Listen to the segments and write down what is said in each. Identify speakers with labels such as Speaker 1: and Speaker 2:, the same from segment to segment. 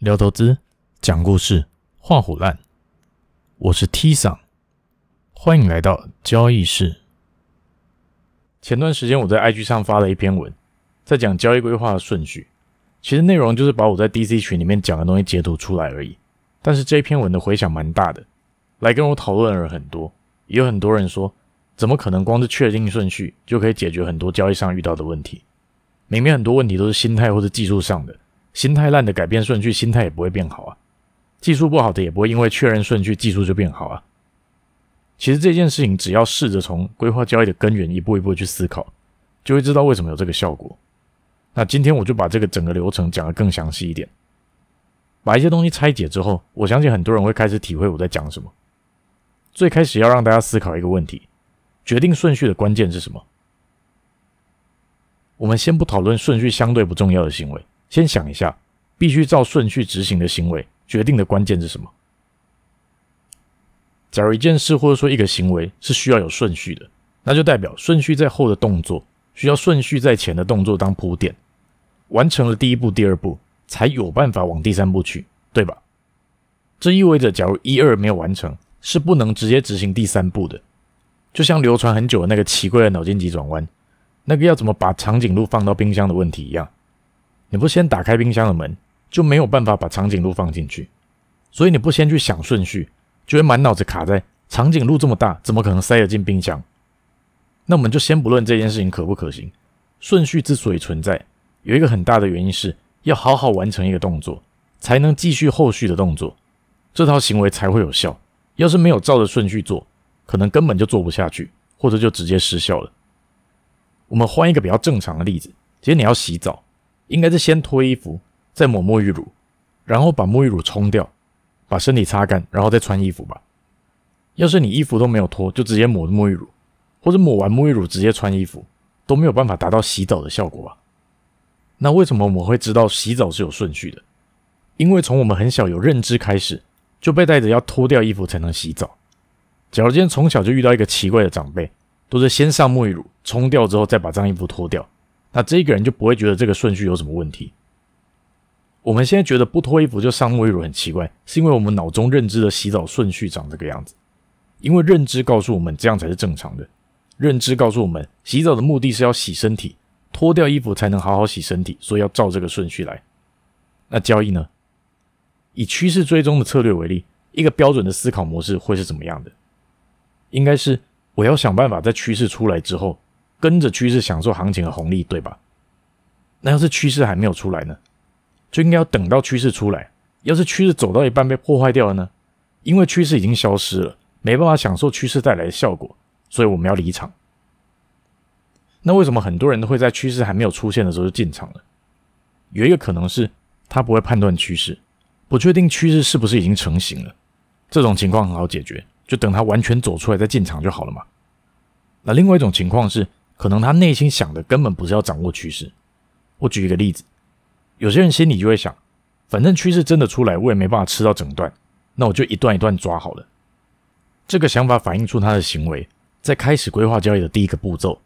Speaker 1: 聊投資，講故事，唬爛，我是 T 桑，歡迎來到交易室。前段時間我在 IG 上發了一篇文，在講交易規劃的順序，其實內容就是把我在 DC 群裡面講的東西截圖出來而已。但是這一篇文的回響蠻大的，來跟我討論的人很多，也有很多人說，怎麼可能光是確定順序就可以解決很多交易上遇到的問題？明明很多問題都是心態或者技術上的。心態爛的改變順序，心態也不會變好啊；技術不好的也不會因為確認順序，技術就變好啊。其實這件事情，只要試着從規劃交易的根源一步一步去思考，就會知道為什麼有這個效果。那今天我就把這個整個流程講得更詳細一點，把一些東西拆解之後，我相信很多人會開始體會我在講什麼。最開始要讓大家思考一個問題：決定順序的關鍵是什麼？我們先不討論順序相對不重要的行為。先想一下，必須照順序執行的行為，決定的關鍵是什麼？假如一件事或者說一個行為是需要有順序的，那就代表順序在後的動作需要順序在前的動作當鋪墊，完成了第一步、第二步，才有辦法往第三步去，對吧？這意味着，假如一二沒有完成，是不能直接執行第三步的。就像流傳很久的那個奇怪的腦筋急轉彎，那個要怎麼把長頸鹿放到冰箱的問題一樣。你不先打開冰箱的門，就沒有辦法把長頸鹿放進去。所以你不先去想順序，就會滿腦子卡在長頸鹿這麼大，怎麼可能塞得進冰箱？那我們就先不論這件事情可不可行。順序之所以存在，有一個很大的原因是要好好完成一個動作，才能繼續後續的動作，這套行為才會有效。要是沒有照着順序做，可能根本就做不下去，或者就直接失效了。我們換一個比較正常的例子，其實你要洗澡。應該是先脫衣服，再抹沐浴乳，然後把沐浴乳沖掉，把身體擦乾，然後再穿衣服吧。要是你衣服都沒有脫，就直接抹沐浴乳，或者抹完沐浴乳直接穿衣服，都沒有辦法達到洗澡的效果吧。那為什麼我們會知道洗澡是有順序的？因為從我們很小有認知開始，就被帶着要脫掉衣服才能洗澡。假如今天從小就遇到一個奇怪的長輩，都是先上沐浴乳，沖掉之後再把髒衣服脫掉。那這個人就不會覺得這個順序有什麼問題。我們現在覺得不脫衣服就上沐浴乳很奇怪，是因為我們腦中認知的洗澡順序長這個樣子，因為認知告訴我們這樣才是正常的。認知告訴我們，洗澡的目的是要洗身體，脫掉衣服才能好好洗身體，所以要照這個順序來。那交易呢？以趨勢追蹤的策略為例，一個標準的思考模式會是怎麼樣的？應該是我要想辦法在趨勢出來之後。跟着趨勢享受行情的紅利，對吧？那要是趨勢還沒有出來呢，就應該要等到趨勢出來。要是趨勢走到一半被破壞掉了呢，因為趨勢已經消失了，沒辦法享受趨勢帶來的效果，所以我們要離場。那為什麼很多人都會在趨勢還沒有出現的時候就進場了？有一個可能是他不會判斷趨勢，不確定趨勢是不是已經成型了。這種情況很好解決，就等他完全走出來再進場就好了嘛。那另外一種情況是。可能他內心想的根本不是要掌握趨勢。我舉一個例子，有些人心裡就會想，反正趨勢真的出來，我也沒辦法吃到整段，那我就一段一段抓好了。這個想法反映出他的行為，在開始規劃交易的第一個步驟，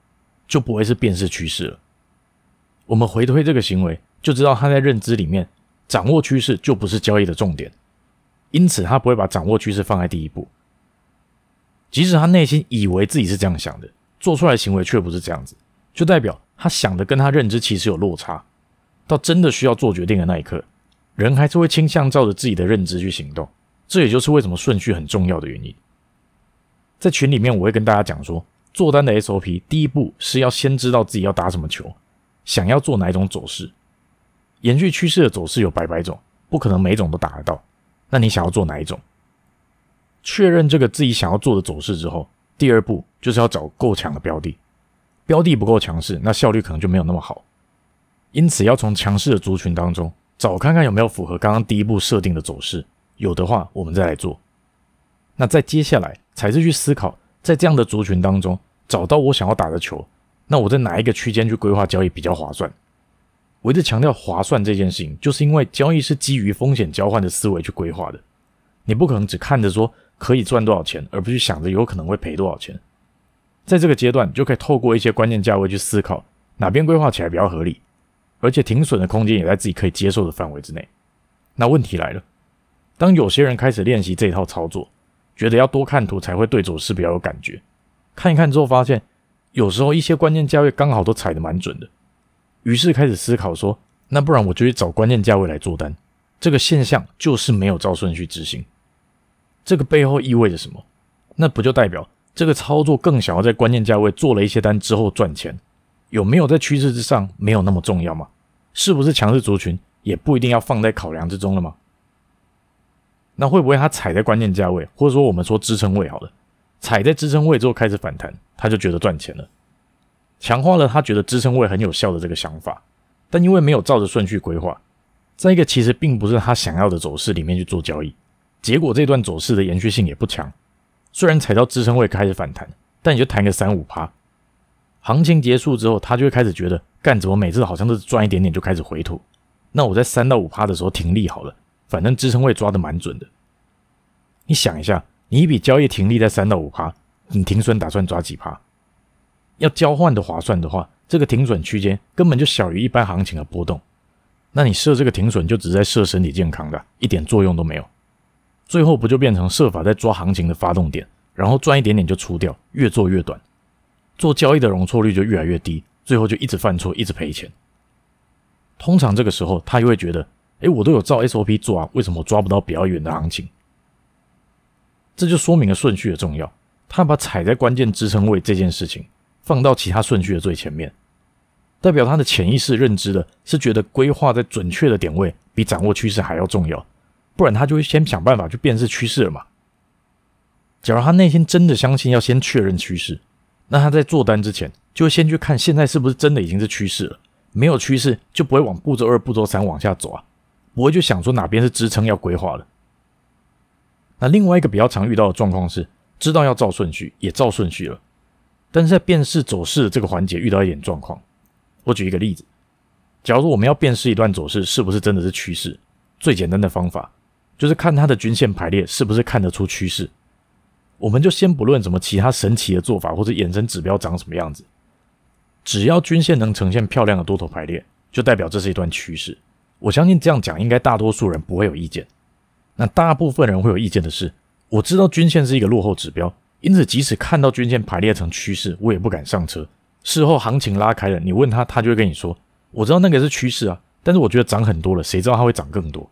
Speaker 1: 就不會是辨識趨勢了。我們回推這個行為，就知道他在認知裡面掌握趨勢就不是交易的重點，因此他不會把掌握趨勢放在第一步，即使他內心以為自己是這樣想的。做出來行為卻不是這樣子，就代表他想的跟他認知其實有落差。到真的需要做決定的那一刻，人還是會傾向照着自己的認知去行動。這也就是為什麼順序很重要的原因。在群裡面我會跟大家講說，做單的 SOP 第一步是要先知道自己要打什麼球，想要做哪一種走勢。延續趨勢的走勢有百百種，不可能每種都打得到。那你想要做哪一種？確認這個自己想要做的走勢之後。第二步就是要找夠強的標的，標的不夠強勢，那效率可能就沒有那麼好。因此要從強勢的族群當中找看看有沒有符合剛剛第一步設定的走勢，有的話我們再來做。那在接下來才是去思考，在這樣的族群當中找到我想要打的球，那我在哪一個區間去規劃交易比較划算？我一直強調划算這件事情，就是因為交易是基於風險交換的思維去規劃的，你不可能只看着說。可以賺多少錢，而不去想着有可能會賠多少錢。在這個階段，就可以透過一些關鍵價位去思考哪邊規劃起來比較合理，而且停損的空間也在自己可以接受的範圍之內。那問題來了，當有些人開始練習這一套操作，覺得要多看圖才會對走勢比較有感覺，看一看之後發現，有時候一些關鍵價位剛好都踩得蠻準的，於是開始思考說，那不然我就去找關鍵價位來做單。這個現象就是沒有照順序執行。這個背後意味着什麼？那不就代表這個操作更想要在關鍵價位做了一些單之後賺錢？有沒有在趨勢之上沒有那麼重要嗎？是不是強勢族群也不一定要放在考量之中了嗎？那會不會他踩在關鍵價位，或者說我們說支撐位好了，踩在支撐位之後開始反彈，他就覺得賺錢了，強化了他覺得支撐位很有效的這個想法，但因為沒有照着順序規劃，在一個其實並不是他想要的走勢裡面去做交易。結果這段走勢的延續性也不強，雖然踩到支撐位開始反彈，但也就彈個三五趴。行情結束之後，他就會開始覺得，幹怎麼每次好像都賺一點點就開始回吐？那我在三到五趴的時候停利好了，反正支撐位抓的蠻準的。你想一下，你一筆交易停利在三到五趴，你停損打算抓幾趴？要交換的划算的話，這個停損區間根本就小於一般行情的波動。那你設這個停損就只是在設身體健康的啊，一點作用都沒有。最後不就變成設法在抓行情的發動點，然後賺一點點就出掉，越做越短，做交易的容錯率就越來越低，最後就一直犯錯，一直賠錢。通常這個時候，他也會覺得，誒、欸，我都有照 SOP 做啊，為什麼我抓不到比較遠的行情？這就說明了順序的重要。他把踩在關鍵支撐位這件事情放到其他順序的最前面，代表他的潛意識認知的是覺得規劃在準確的點位比掌握趨勢還要重要。不然他就會先想辦法去辨識趨勢了嘛。假如他內心真的相信要先確認趨勢，那他在做單之前就會先去看現在是不是真的已經是趨勢了。沒有趨勢就不會往步驟二、步驟三往下走啊，不會就想說哪邊是支撐要規劃了。那另外一個比較常遇到的狀況是，知道要照順序也照順序了，但是在辨識走勢的這個環節遇到一點狀況。我舉一個例子，假如說我們要辨識一段走勢是不是真的是趨勢，最簡單的方法。就是看它的均線排列是不是看得出趨勢，我們就先不論什麼其他神奇的做法或者衍生指標長什麼樣子，只要均線能呈現漂亮的多頭排列，就代表這是一段趨勢。我相信這樣講應該大多數人不會有意見。那大部分人會有意見的是，我知道均線是一個落後指標，因此即使看到均線排列成趨勢，我也不敢上車。事後行情拉開了，你問他，他就會跟你說：“我知道那個是趨勢啊，但是我覺得漲很多了，誰知道它會漲更多。”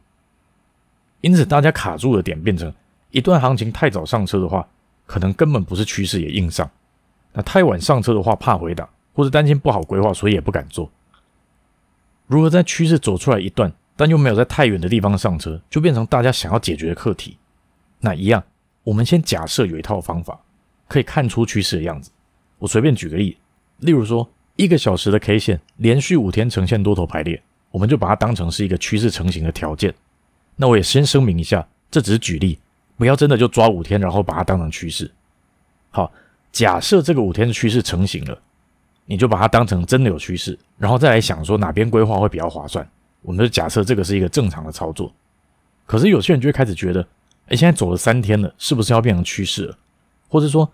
Speaker 1: 因此，大家卡住的點變成一段行情太早上車的話，可能根本不是趨勢也硬上；那太晚上車的話，怕回檔或者擔心不好規劃，所以也不敢做。如何在趨勢走出來一段，但又沒有在太遠的地方上車，就變成大家想要解決的課題。那一樣，我們先假設有一套方法可以看出趨勢的樣子。我隨便舉個例，例如說，一個小時的 K 線連續五天呈現多頭排列，我們就把它當成是一個趨勢成型的條件。那我也先聲明一下，這只是舉例，不要真的就抓五天，然後把它當成趨勢。好，假設這個五天的趨勢成型了，你就把它當成真的有趨勢，然後再來想說哪邊規劃會比較划算。我們就假設這個是一個正常的操作，可是有些人就會開始覺得，哎，現在走了三天了，是不是要變成趨勢了？或者說，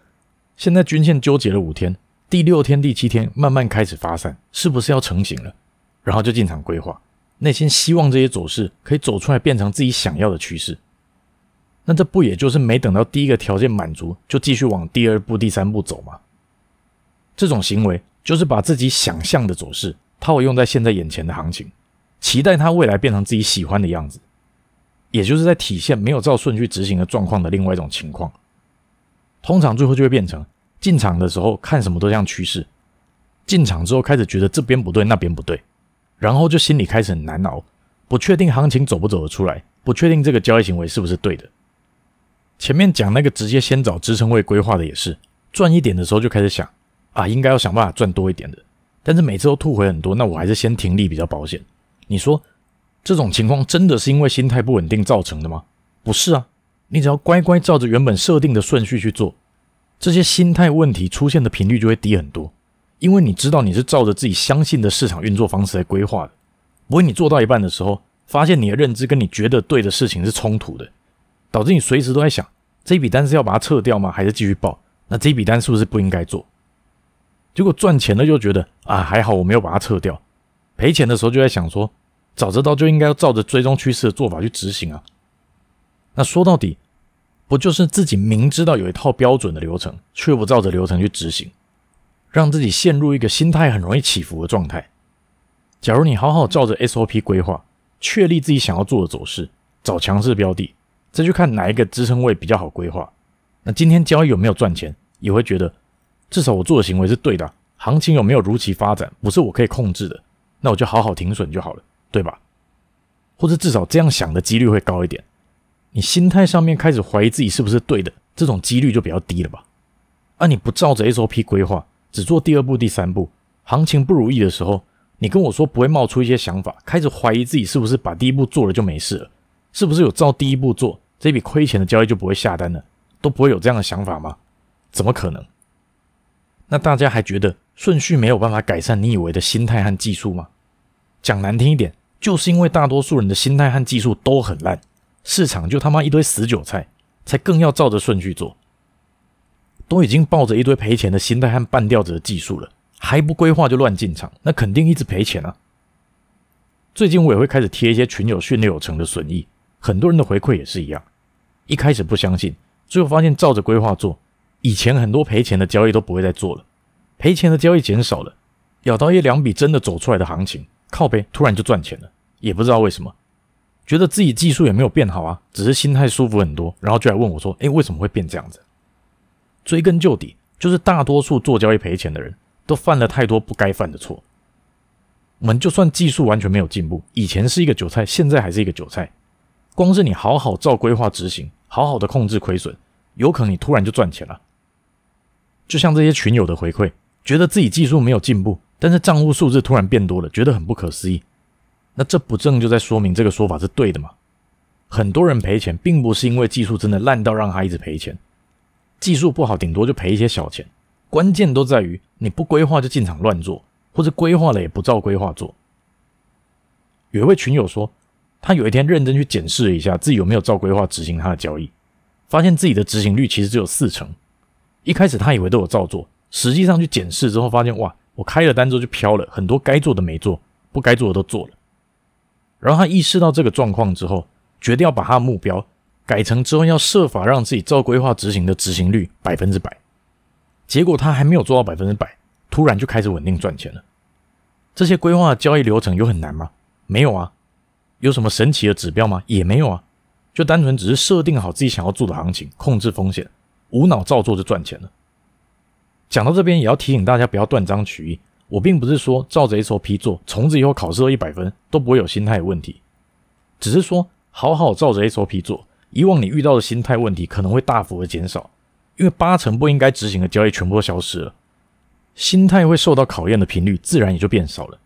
Speaker 1: 現在均線糾結了五天，第六天、第七天慢慢開始發散，是不是要成型了？然後就進場規劃。內心希望這些走勢可以走出來，變成自己想要的趨勢，那這不也就是沒等到第一個條件滿足，就繼續往第二步、第三步走嗎？這種行為就是把自己想象的走勢，套用在現在眼前的行情，期待它未來變成自己喜歡的樣子，也就是在體現沒有照順序執行的狀況的另外一種情況。通常最後就會變成進場的時候看什麼都像趨勢，進場之後開始覺得這邊不對，那邊不對。然後就心裡開始很難熬，不確定行情走不走得出來，不確定這個交易行為是不是對的。前面講那個直接先找支撐位規劃的也是，賺一點的時候就開始想，啊，應該要想辦法賺多一點的。但是每次都吐回很多，那我還是先停利比較保險。你說這種情況真的是因為心態不穩定造成的嗎？不是啊，你只要乖乖照着原本設定的順序去做，這些心態問題出現的頻率就會低很多。因為你知道你是照着自己相信的市場運作方式來規劃的，不會你做到一半的時候，發現你的認知跟你覺得對的事情是衝突的，導致你隨時都在想，這一筆單是要把它撤掉嗎？還是繼續報？那這一筆單是不是不應該做？結果賺錢了就覺得啊，還好我沒有把它撤掉，賠錢的時候就在想說，早知道就應該要照着追蹤趨勢的做法去執行啊。那說到底，不就是自己明知道有一套標準的流程，卻不照着流程去執行？讓自己陷入一個心態很容易起伏的狀態。假如你好好照着 SOP 規劃，確立自己想要做的走勢，找強勢標的，再去看哪一個支撐位比較好規劃。那今天交易有沒有賺錢，也會覺得至少我做的行為是對的啊。行情有沒有如期發展，不是我可以控制的，那我就好好停損就好了，對吧？或者至少這樣想的幾率會高一點。你心態上面開始懷疑自己是不是對的，這種幾率就比較低了吧？啊，你不照着 SOP 規劃。只做第二步、第三步，行情不如意的時候，你跟我說不會冒出一些想法，開始懷疑自己是不是把第一步做了就沒事了？是不是有照第一步做，這筆虧錢的交易就不會下單了？都不會有這樣的想法嗎？怎麼可能？那大家還覺得順序沒有辦法改善你以為的心態和技術嗎？講難聽一點，就是因為大多數人的心態和技術都很爛，市場就他媽一堆死韭菜，才更要照着順序做。都已經抱着一堆賠錢的心態和半吊子的技術了，還不規劃就亂進場，那肯定一直賠錢啊。最近我也會開始貼一些群友訓練有成的損益，很多人的回饋也是一樣。一開始不相信，最後發現照着規劃做，以前很多賠錢的交易都不會再做了，賠錢的交易減少了，咬到一兩筆真的走出來的行情，靠背，突然就賺錢了，也不知道為什麼，覺得自己技術也沒有變好啊，只是心態舒服很多，然後就來問我說：“誒，為什麼會變這樣子？”追根究底，就是大多數做交易賠錢的人都犯了太多不該犯的錯。我們就算技術完全沒有進步，以前是一個韭菜，現在還是一個韭菜。光是你好好照規劃執行，好好的控制虧損，有可能你突然就賺錢了。就像這些群友的回饋，覺得自己技術沒有進步，但是賬戶數字突然變多了，覺得很不可思議。那這不正就在說明這個說法是對的嗎？很多人賠錢並不是因為技術真的爛到讓他一直賠錢。技術不好，頂多就賠一些小錢。關鍵都在於你不規劃就進場亂做，或者規劃了也不照規劃做。有一位群友說，他有一天認真去檢視了一下自己有沒有照規劃執行他的交易，發現自己的執行率其實只有四成。一開始他以為都有照做，實際上去檢視之後發現，哇，我開了單之後就飄了，很多該做的沒做，不該做的都做了。然後他意識到這個狀況之後，決定要把他的目標。改成之後要設法讓自己照規劃執行的執行率百分之百，結果他還沒有做到百分之百，突然就開始穩定賺錢了。這些規劃交易流程有很難嗎？沒有啊。有什麼神奇的指標嗎？也沒有啊。就單純只是設定好自己想要做的行情，控制風險，無腦照做就賺錢了。講到這邊也要提醒大家不要斷章取義，我並不是說照着 SOP 做，從此以後考試到一百分都不會有心態問題，只是說好好照着 SOP 做。以往你遇到的心態問題可能會大幅的減少，因為八成不應該執行的交易全部都消失了，心態會受到考驗的頻率自然也就變少了。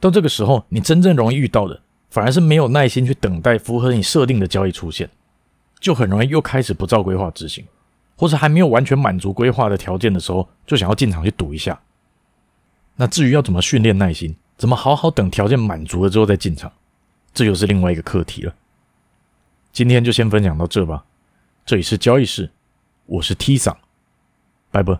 Speaker 1: 到這個時候，你真正容易遇到的反而是沒有耐心去等待符合你設定的交易出現，就很容易又開始不照規劃執行，或是還沒有完全滿足規劃的條件的時候，就想要進場去賭一下。那至於要怎麼訓練耐心，怎麼好好等條件滿足了之後再進場，這又是另外一個課題了。今天就先分享到這吧，這裡是交易事，我是 T 桑，拜拜。